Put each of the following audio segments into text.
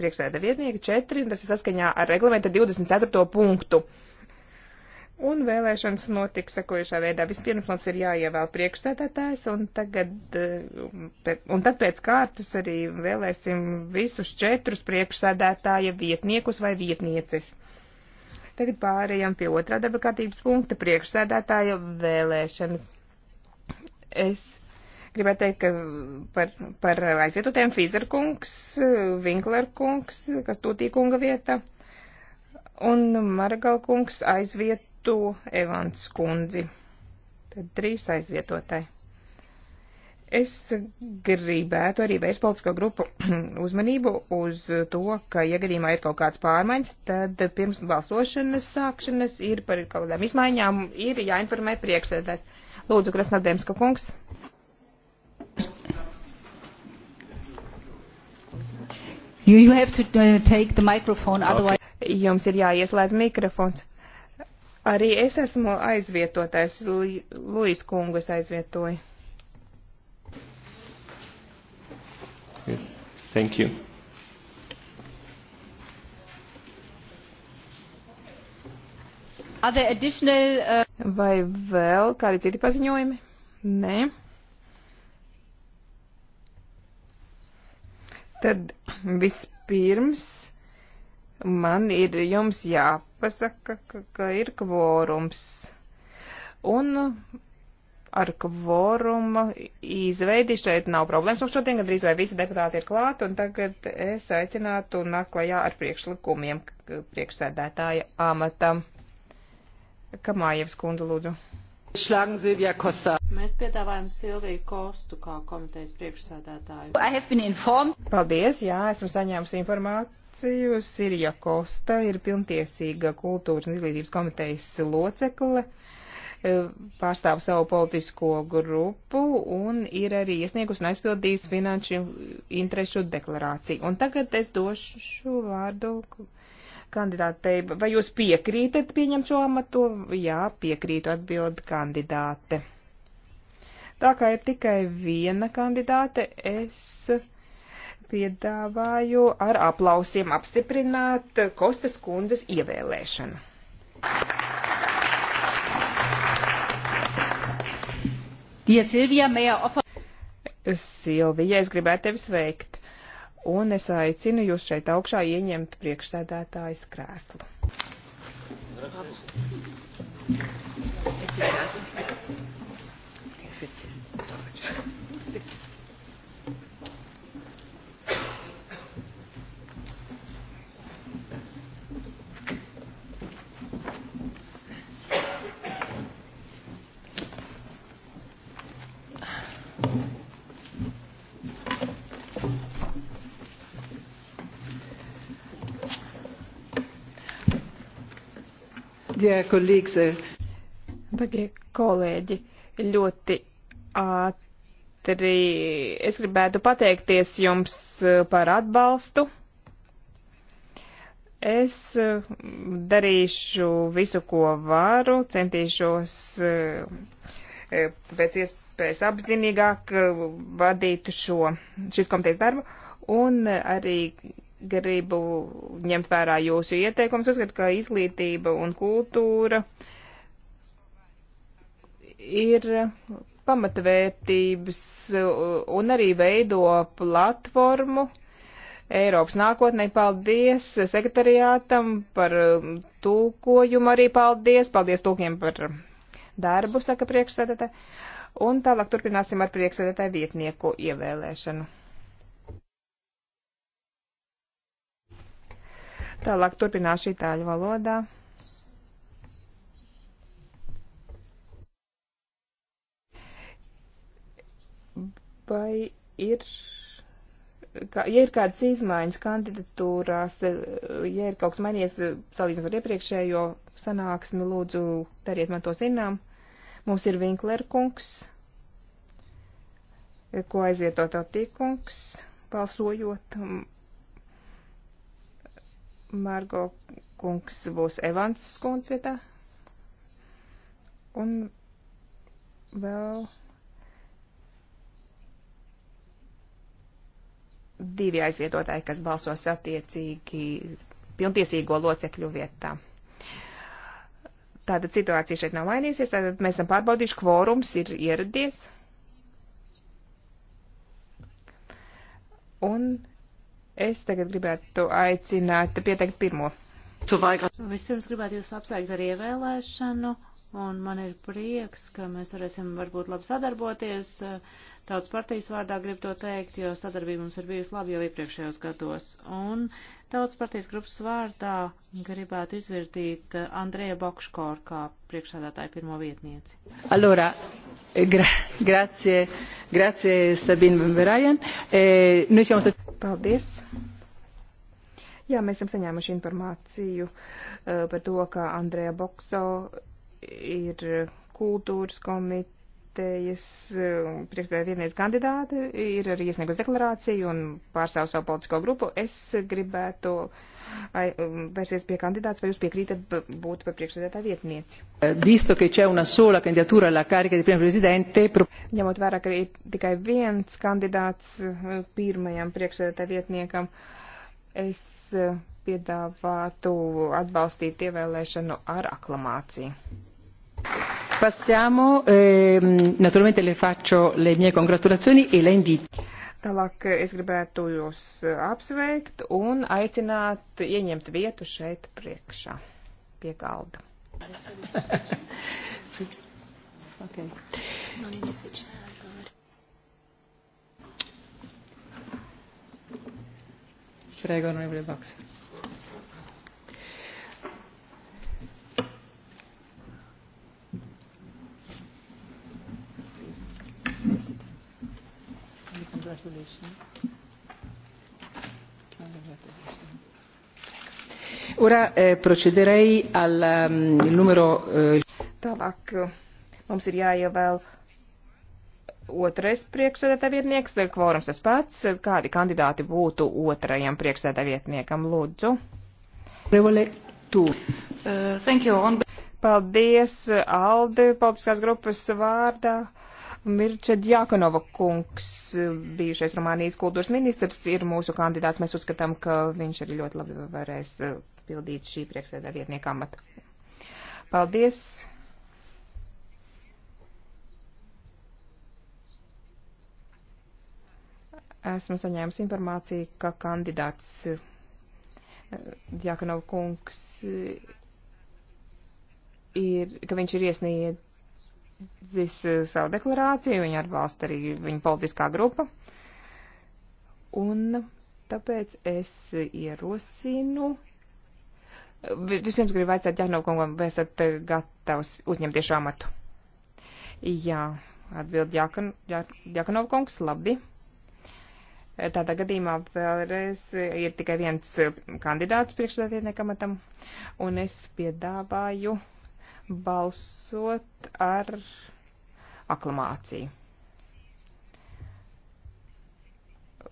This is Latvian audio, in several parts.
priekšsēda vietnieka 4, un tas ir saskaņā ar reglamenta 24. punktu. Un vēlēšanas notiks sekojušā veidā. Vispirms mums ir jāievēl priekšsēdētājs, un, tagad, eh, un tad pēc kārtas arī vēlēsim visus četrus priekšsēdētāja vietniekus vai vietnieces. Tagad pārējām pie otrā darba kārtības punkta priekšsēdētāja vēlēšanas. Es Gribētu teikt, ka par, par aizvietotiem Fīzerkungs, Vinklerkungs, kas tūtīkunga vieta, un Margalkungs aizvieto Evans kundzi. Tad trīs aizvietotāji. Es gribētu arī vērst politisko grupu uzmanību uz to, ka, ja gadījumā ir kaut kāds pārmaiņas, tad pirms balsošanas sākšanas ir par kaut kādām izmaiņām, ir jāinformē priekšsēdētājs. Lūdzu, Krasnodēmska kungs. You, you have to uh, take the microphone, otherwise... Okay. Jums ir jāieslēdz mikrofons. Arī es esmu aizvietotais, Luis kungu es aizvietoju. Thank you. Are there additional, uh... Vai vēl kādi citi paziņojumi? Nē. Tad vispirms man ir jums jāpasaka, ka, ka ir kvorums. Un ar kvoruma izveidi šeit nav problēmas. Nu, šodien gandrīz vai visi deputāti ir klāt, un tagad es aicinātu naklajā ar priekšlikumiem priekšsēdētāja amatam. Kamājevs kundze, lūdzu. Šlāng Silvija Kosta. Mēs piedāvājam Silviju Kostu kā komitejas priekšsēdētāju. Paldies, jā, esmu saņēmusi informāciju. Sirija Kosta ir pilntiesīga kultūras un izglītības komitejas locekle, e, pārstāv savu politisko grupu un ir arī iesniegus un aizpildījis finanšu interešu deklarāciju. Un tagad es došu vārdu kandidātei. Vai jūs piekrītat pieņemt šo amatu? Jā, piekrītu atbild kandidāte. Tā kā ir tikai viena kandidāte, es piedāvāju ar aplausiem apstiprināt Kostas kundzes ievēlēšanu. Silvija, es gribētu tevi sveikt, un es aicinu jūs šeit augšā ieņemt priekšsēdētājas krēslu. Gracias. bitte in Deutsch. Dear colleagues, uh, Darbie kolēģi, ļoti ātri es gribētu pateikties jums eh, par atbalstu. Es eh, darīšu visu, ko varu, centīšos eh, pēc iespējas apzinīgāk vadīt šo, šis komitejas darbu un arī gribu ņemt vērā jūsu ieteikumus. Uzskatu, ka izglītība un kultūra ir pamatvērtības un arī veido platformu Eiropas nākotnē. Paldies sekretariātam par um, tūkojumu arī paldies. Paldies tūkiem par darbu, saka priekšsēdētāji. Un tālāk turpināsim ar priekšsēdētāju vietnieku ievēlēšanu. Tālāk turpināšu itāļu valodā. vai ir, kā, ja ir kādas izmaiņas kandidatūrās, ja ir kaut kas mainījies salīdzinot ar iepriekšējo sanāksmi, lūdzu, dariet man to zinām. Mums ir Vinkler kungs, ko aizvieto Totīkungs, balsojot. Margo kungs būs Evans skundz vietā. Un vēl. Well divi aizvietotāji, kas balsos attiecīgi pilntiesīgo locekļu vietā. Tātad situācija šeit nav mainījusies, tātad mēs esam pārbaudījuši, kvorums ir ieradies. Un es tagad gribētu aicināt pieteikt pirmo to Vaigla. Nu, vispirms gribētu jūs apsveikt ar ievēlēšanu, un man ir prieks, ka mēs varēsim varbūt labi sadarboties. Tautas partijas vārdā gribu to teikt, jo sadarbība mums ir bijusi labi jau iepriekšējos gados. Un Tautas partijas grupas vārdā gribētu izvirtīt Andreja Bokškor kā priekšādātāju pirmo vietnieci. Allora, eh, gra grazie, grazie Sabine Verajan. E, eh, Paldies. Jā, mēs esam saņēmuši informāciju eh, par to, ka Andrēja Bokso ir kultūras komitejas eh, priekšstādā vienreiz kandidāte, ir arī iesniegus deklarāciju un pārstāv savu politisko grupu. Es gribētu um, vērsties pie kandidāts, vai jūs piekrītat būt par priekšsēdētā vietnieci? Eh, visto, ka c'è una sola candidatura alla carica di primo presidente. Ņemot vērā, ka ir tikai viens kandidāts pirmajam priekšsēdētā vietniekam. Uh, es eh, piedāvātu atbalstīt ievēlēšanu ar aklamāciju. Passiamo, eh, naturalmente le faccio le mie congratulazioni e la invito. Tālāk eh, es gribētu jūs eh, apsveikt un aicināt ieņemt vietu šeit priekšā pie galda. okay. Prego, onorevole Baxer. Ora eh, procederei al um, numero. Eh... Tālāk eh, mums ir jāievēl Otrais priekšsēdētāja vietnieks, kvorums tas pats, kādi kandidāti būtu otrajam priekšsēdētāja vietniekam, lūdzu. Uh, Paldies, Aldi, politiskās grupas vārdā. Mirčed Jākonova kungs, bijušais Rumānijas kultūras ministrs, ir mūsu kandidāts. Mēs uzskatām, ka viņš arī ļoti labi varēs uh, pildīt šī priekšsēdā vietnieka amatu. Paldies! Esmu saņēmis informāciju, ka kandidāts Djakanov eh, kungs ir, ka viņš ir iesniedzis eh, savu deklarāciju, viņa atbalsta arī viņa politiskā grupa. Un tāpēc es ierosinu Vispirms gribu vaicāt Jānaukungam, vai esat eh, gatavs uzņemties šo amatu? Jā, atbild Jākanovkungs, labi. Tādā gadījumā vēlreiz ir tikai viens eh, kandidāts priekšsēdētniekam atam, un es piedāvāju balsot ar aklamāciju.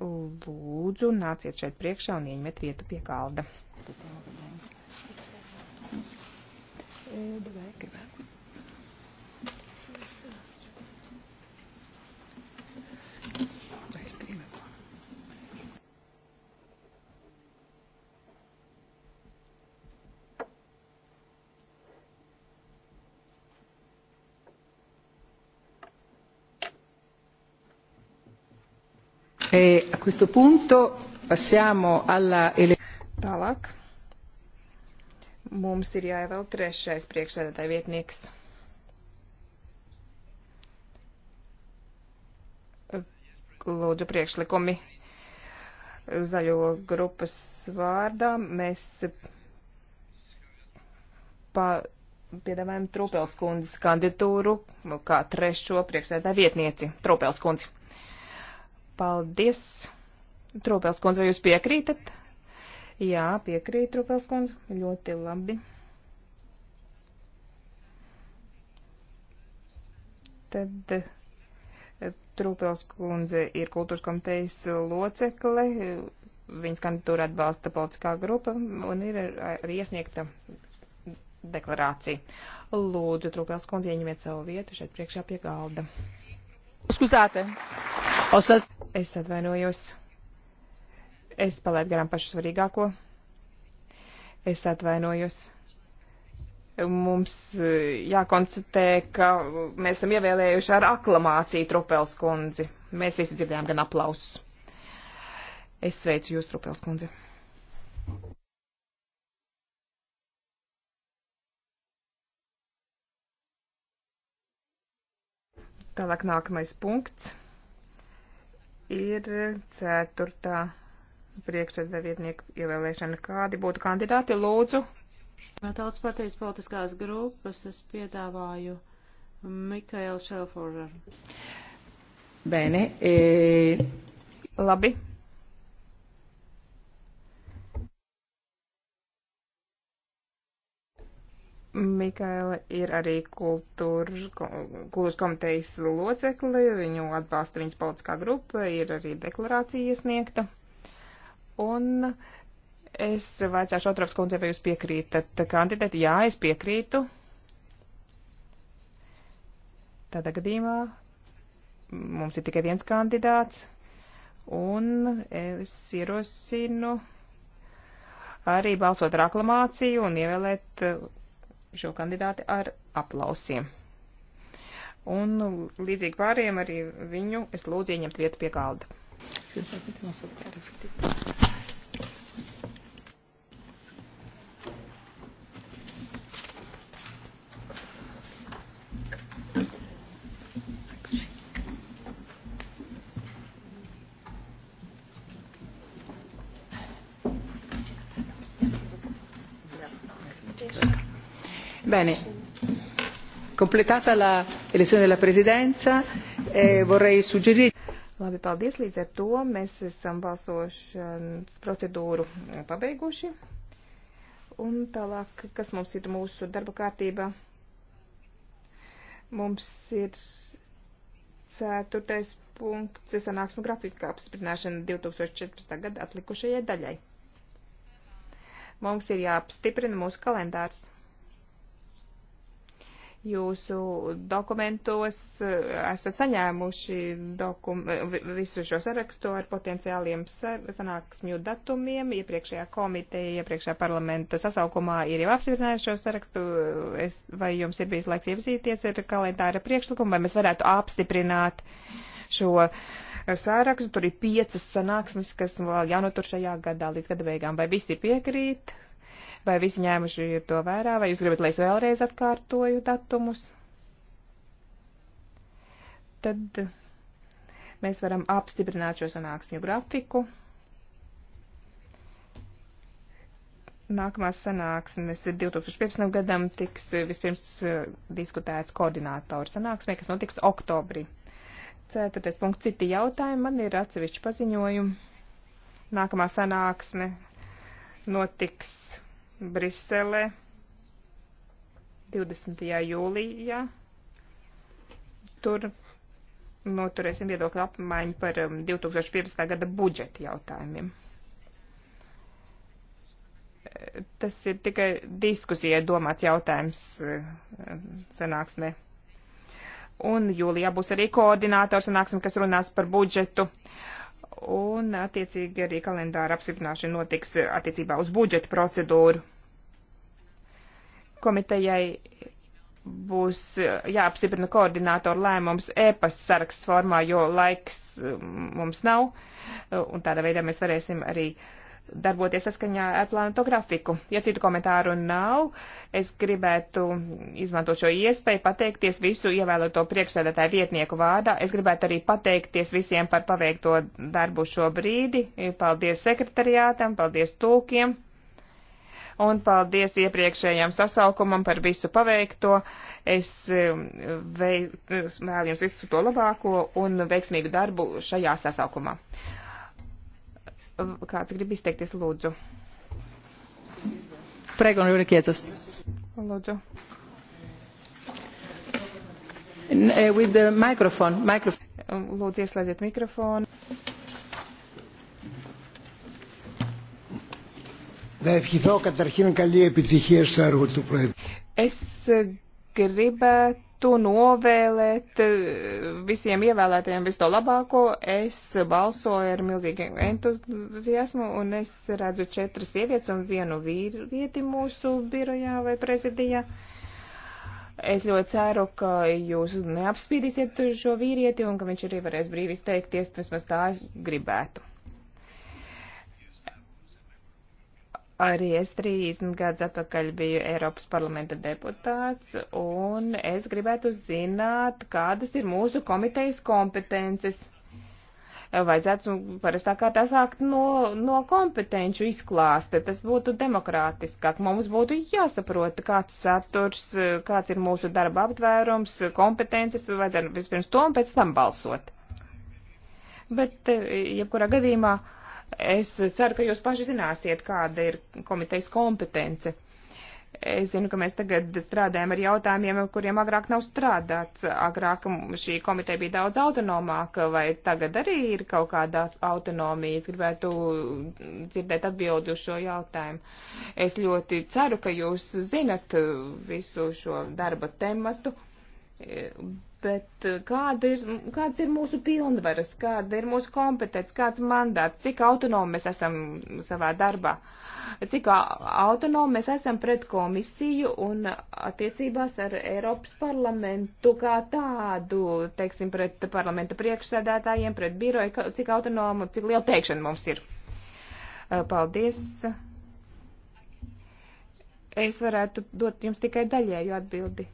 Lūdzu, nāciet šeit priekšā un ieņemiet vietu pie galda. Давай, давай. E a questo punto passiamo alla Tālāk. Mums ir jāievēl trešais priekšsēdētāja vietnieks. Lūdzu priekšlikumi zaļo grupas vārdā. Mēs pa, piedāvājam Trūpelskundzes kandidatūru kā trešo priekšsēdētāju vietnieci. Trūpelskundzi. Paldies. Trūpels kundze, vai jūs piekrītat? Jā, piekrīt, Trūpels kundze. Ļoti labi. Tad eh, Trūpels kundze ir kultūras komitejas locekle. Viņas kandidatūru atbalsta politiskā grupa un ir arī iesniegta deklarācija. Lūdzu, Trūpels kundze, ieņemiet savu vietu šeit priekšā pie galda. Skuzāte! Osat... Es atvainojos. Es palaidu garām pašu svarīgāko. Es atvainojos. Mums eh, jākonstatē, ka mēs esam ievēlējuši ar aklamāciju Trupels kundzi. Mēs visi dzirdējām gan aplausus. Es sveicu jūs, Trupels kundzi. Tālāk nākamais punkts ir ceturtā priekšsēdētājvietnieku ievēlēšana. Kādi būtu kandidāti? Lūdzu. No tautas partijas politiskās grupas es piedāvāju Mikaelu Šelforu. Bene. E... Labi. Mikaela ir arī kultūras, kultūras komitejas locekli, viņu atbalsta viņas politiskā grupa, ir arī deklarācija iesniegta. Un es vaicāšu Otravs kundze, vai jūs piekrītat kandidāti? Jā, es piekrītu. Tādā gadījumā mums ir tikai viens kandidāts, un es ierosinu arī balsot ar aklamāciju un ievēlēt šo kandidāti ar aplausiem. Un nu, līdzīgi pāriem arī viņu es lūdzu ieņemt vietu pie galda. Bene. Completata la elezione della presidenza, eh, vorrei suggerire. Labi, paldies. Līdz ar to mēs esam balsošanas procedūru eh, pabeiguši. Un tālāk, kas mums ir mūsu darba kārtībā? Mums ir ceturtais punkts sanāksmu grafika apstiprināšana 2014. gada atlikušajai daļai. Mums ir jāapstiprina mūsu kalendārs jūsu dokumentos eh, esat saņēmuši dokum, visu šo sarakstu ar potenciāliem sanāksmju datumiem. Iepriekšējā komiteja, iepriekšējā parlamenta sasaukumā ir jau apstiprinājuši šo sarakstu. Es, vai jums ir bijis laiks iepazīties ar kalendāra priekšlikumu, vai mēs varētu apstiprināt šo sārakstu? Tur ir piecas sanāksmes, kas vēl jānotur šajā gadā līdz gada beigām. Vai visi piekrīt? Vai visi ņēmuši ir to vērā, vai jūs gribat, lai es vēlreiz atkārtoju datumus? Tad mēs varam apstiprināt šo sanāksmju grafiku. Nākamās sanāksmes 2015. gadam tiks eh, vispirms eh, diskutēts koordinātoru sanāksmē, kas notiks oktobrī. Ceturtais punkts citi jautājumi. Man ir atsevišķi paziņojumi. Nākamā sanāksme notiks Briselē 20. jūlijā. Tur noturēsim viedokļu apmaiņu par 2015. Um, gada budžeta jautājumiem. Tas ir tikai diskusijai domāts jautājums um, sanāksmē. Un jūlijā būs arī koordinātors sanāksme, kas runās par budžetu. Uh, un attiecīgi arī kalendāra apstiprināšana notiks attiecībā uz budžeta procedūru. Komitejai būs eh, jāapstiprina koordinātoru lēmums e-pasta saraksts formā, jo laiks eh, mums nav, eh, un tādā veidā mēs varēsim arī uh, darboties saskaņā ar plānoto grafiku. Ja citu komentāru nav, es gribētu izmantot šo iespēju pateikties visu ievēloto priekšsēdētāju vietnieku vārdā. Es gribētu arī pateikties visiem par paveikto darbu šo brīdi. Paldies sekretariātam, paldies tūkiem. Un paldies iepriekšējām sasaukumam par visu paveikto. Es um, vēlu jums visu to labāko un veiksmīgu darbu šajā sasaukumā. Kāds grib izteikties, lūdzu? Prego, un Rūrikietas. Lūdzu. Eh, with the microphone. microphone. Um, lūdzu, ieslēdziet mikrofonu. Να ευχηθώ καταρχήν καλή επιτυχία στο έργο του Πρόεδρου. Es gribētu gribētu novēlēt eh, visiem ievēlētajiem visu to labāko. Es balsoju ar milzīgu entuziasmu un es redzu četras sievietes un vienu vīrieti mūsu birojā vai prezidijā. Es ļoti ceru, ka jūs neapspīdīsiet šo vīrieti un ka viņš arī varēs brīvi izteikties, vismaz tā es gribētu. Arī es 30 gadus atpakaļ biju Eiropas parlamenta deputāts, un es gribētu zināt, kādas ir mūsu komitejas kompetences. Vajadzētu parastā kārtā sākt no, no kompetenču izklāste, tas būtu demokrātiskāk. Mums būtu jāsaprot, kāds saturs, kāds ir mūsu darba aptvērums, kompetences, vajadzētu vispirms to un pēc tam balsot. Bet, eh, jebkurā gadījumā, uh, Es ceru, ka jūs paši zināsiet, kāda ir komitejas kompetence. Es zinu, ka mēs tagad strādājam ar jautājumiem, ar kuriem agrāk nav strādāts. Agrāk šī komiteja bija daudz autonomāka, vai tagad arī ir kaut kāda autonomija? Es gribētu dzirdēt atbildi uz šo jautājumu. Es ļoti ceru, ka jūs zinat visu šo darba tematu, bet eh, kāda ir, kāds ir mūsu pilnvaras, kāda ir mūsu kompetence, kāds mandāts, cik autonomi mēs esam savā darbā, cik autonomi mēs esam pret komisiju un attiecībās ar Eiropas parlamentu kā tādu, teiksim, pret parlamenta priekšsēdētājiem, pret biroju, cik autonomu, cik liela teikšana mums ir. Eh, paldies. Es varētu dot jums tikai daļēju atbildi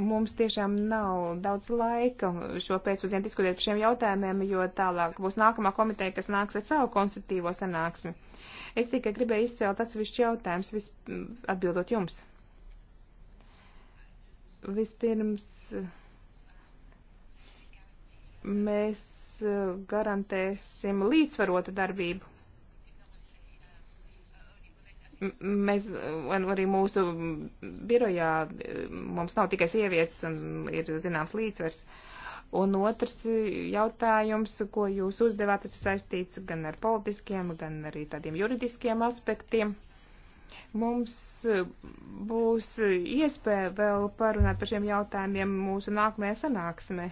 mums tiešām nav daudz laika šo pēcpusdienu diskutēt par šiem jautājumiem, jo tālāk būs nākamā komiteja, kas nāks ar savu konstruktīvo sanāksmi. Es tikai gribēju izcelt atsevišķu jautājumus, vis, atbildot jums. Vispirms mēs eh, garantēsim līdzsvarotu darbību mēs, arī mūsu birojā, mums nav tikai sievietes un ir zināms līdzsvars. Un otrs jautājums, ko jūs uzdevāt, tas ir saistīts gan ar politiskiem, gan arī tādiem juridiskiem aspektiem. Mums būs iespēja vēl parunāt par šiem jautājumiem mūsu nākamajā sanāksmē,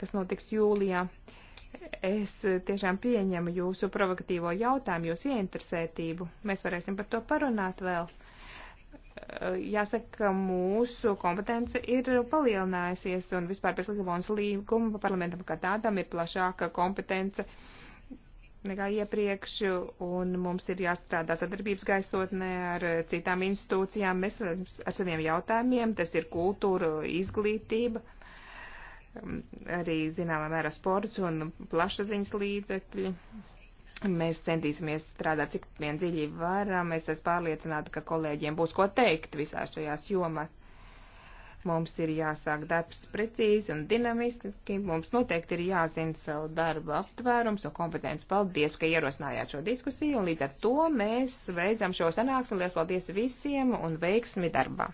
kas notiks jūlijā. Uh, Es tiešām pieņemu jūsu provokatīvo jautājumu, jūsu ieinteresētību. Mēs varēsim par to parunāt vēl. Eh, jāsaka, ka mūsu kompetence ir palielinājusies un vispār pēc Lisabonas līguma parlamentam kā tādam ir plašāka kompetence nekā iepriekš, un mums ir jāstrādā sadarbības gaisotnē ar citām institūcijām. Mēs ar saviem jautājumiem, tas ir kultūra, izglītība. Uh, arī zināmā mērā sports un plašsaziņas līdzekļi. Mēs centīsimies strādāt, cik vien dziļi varam. Es esmu pārliecināta, ka kolēģiem būs ko teikt visās šajās jomās. Mums ir jāsāk darbs precīzi un dinamiski. Mums noteikti ir jāzina savu darbu aptvērums un kompetenci. Paldies, ka ierosinājāt šo diskusiju. Un līdz ar to mēs veidzam šo sanāksmi. Lielas paldies visiem un veiksmi darbā!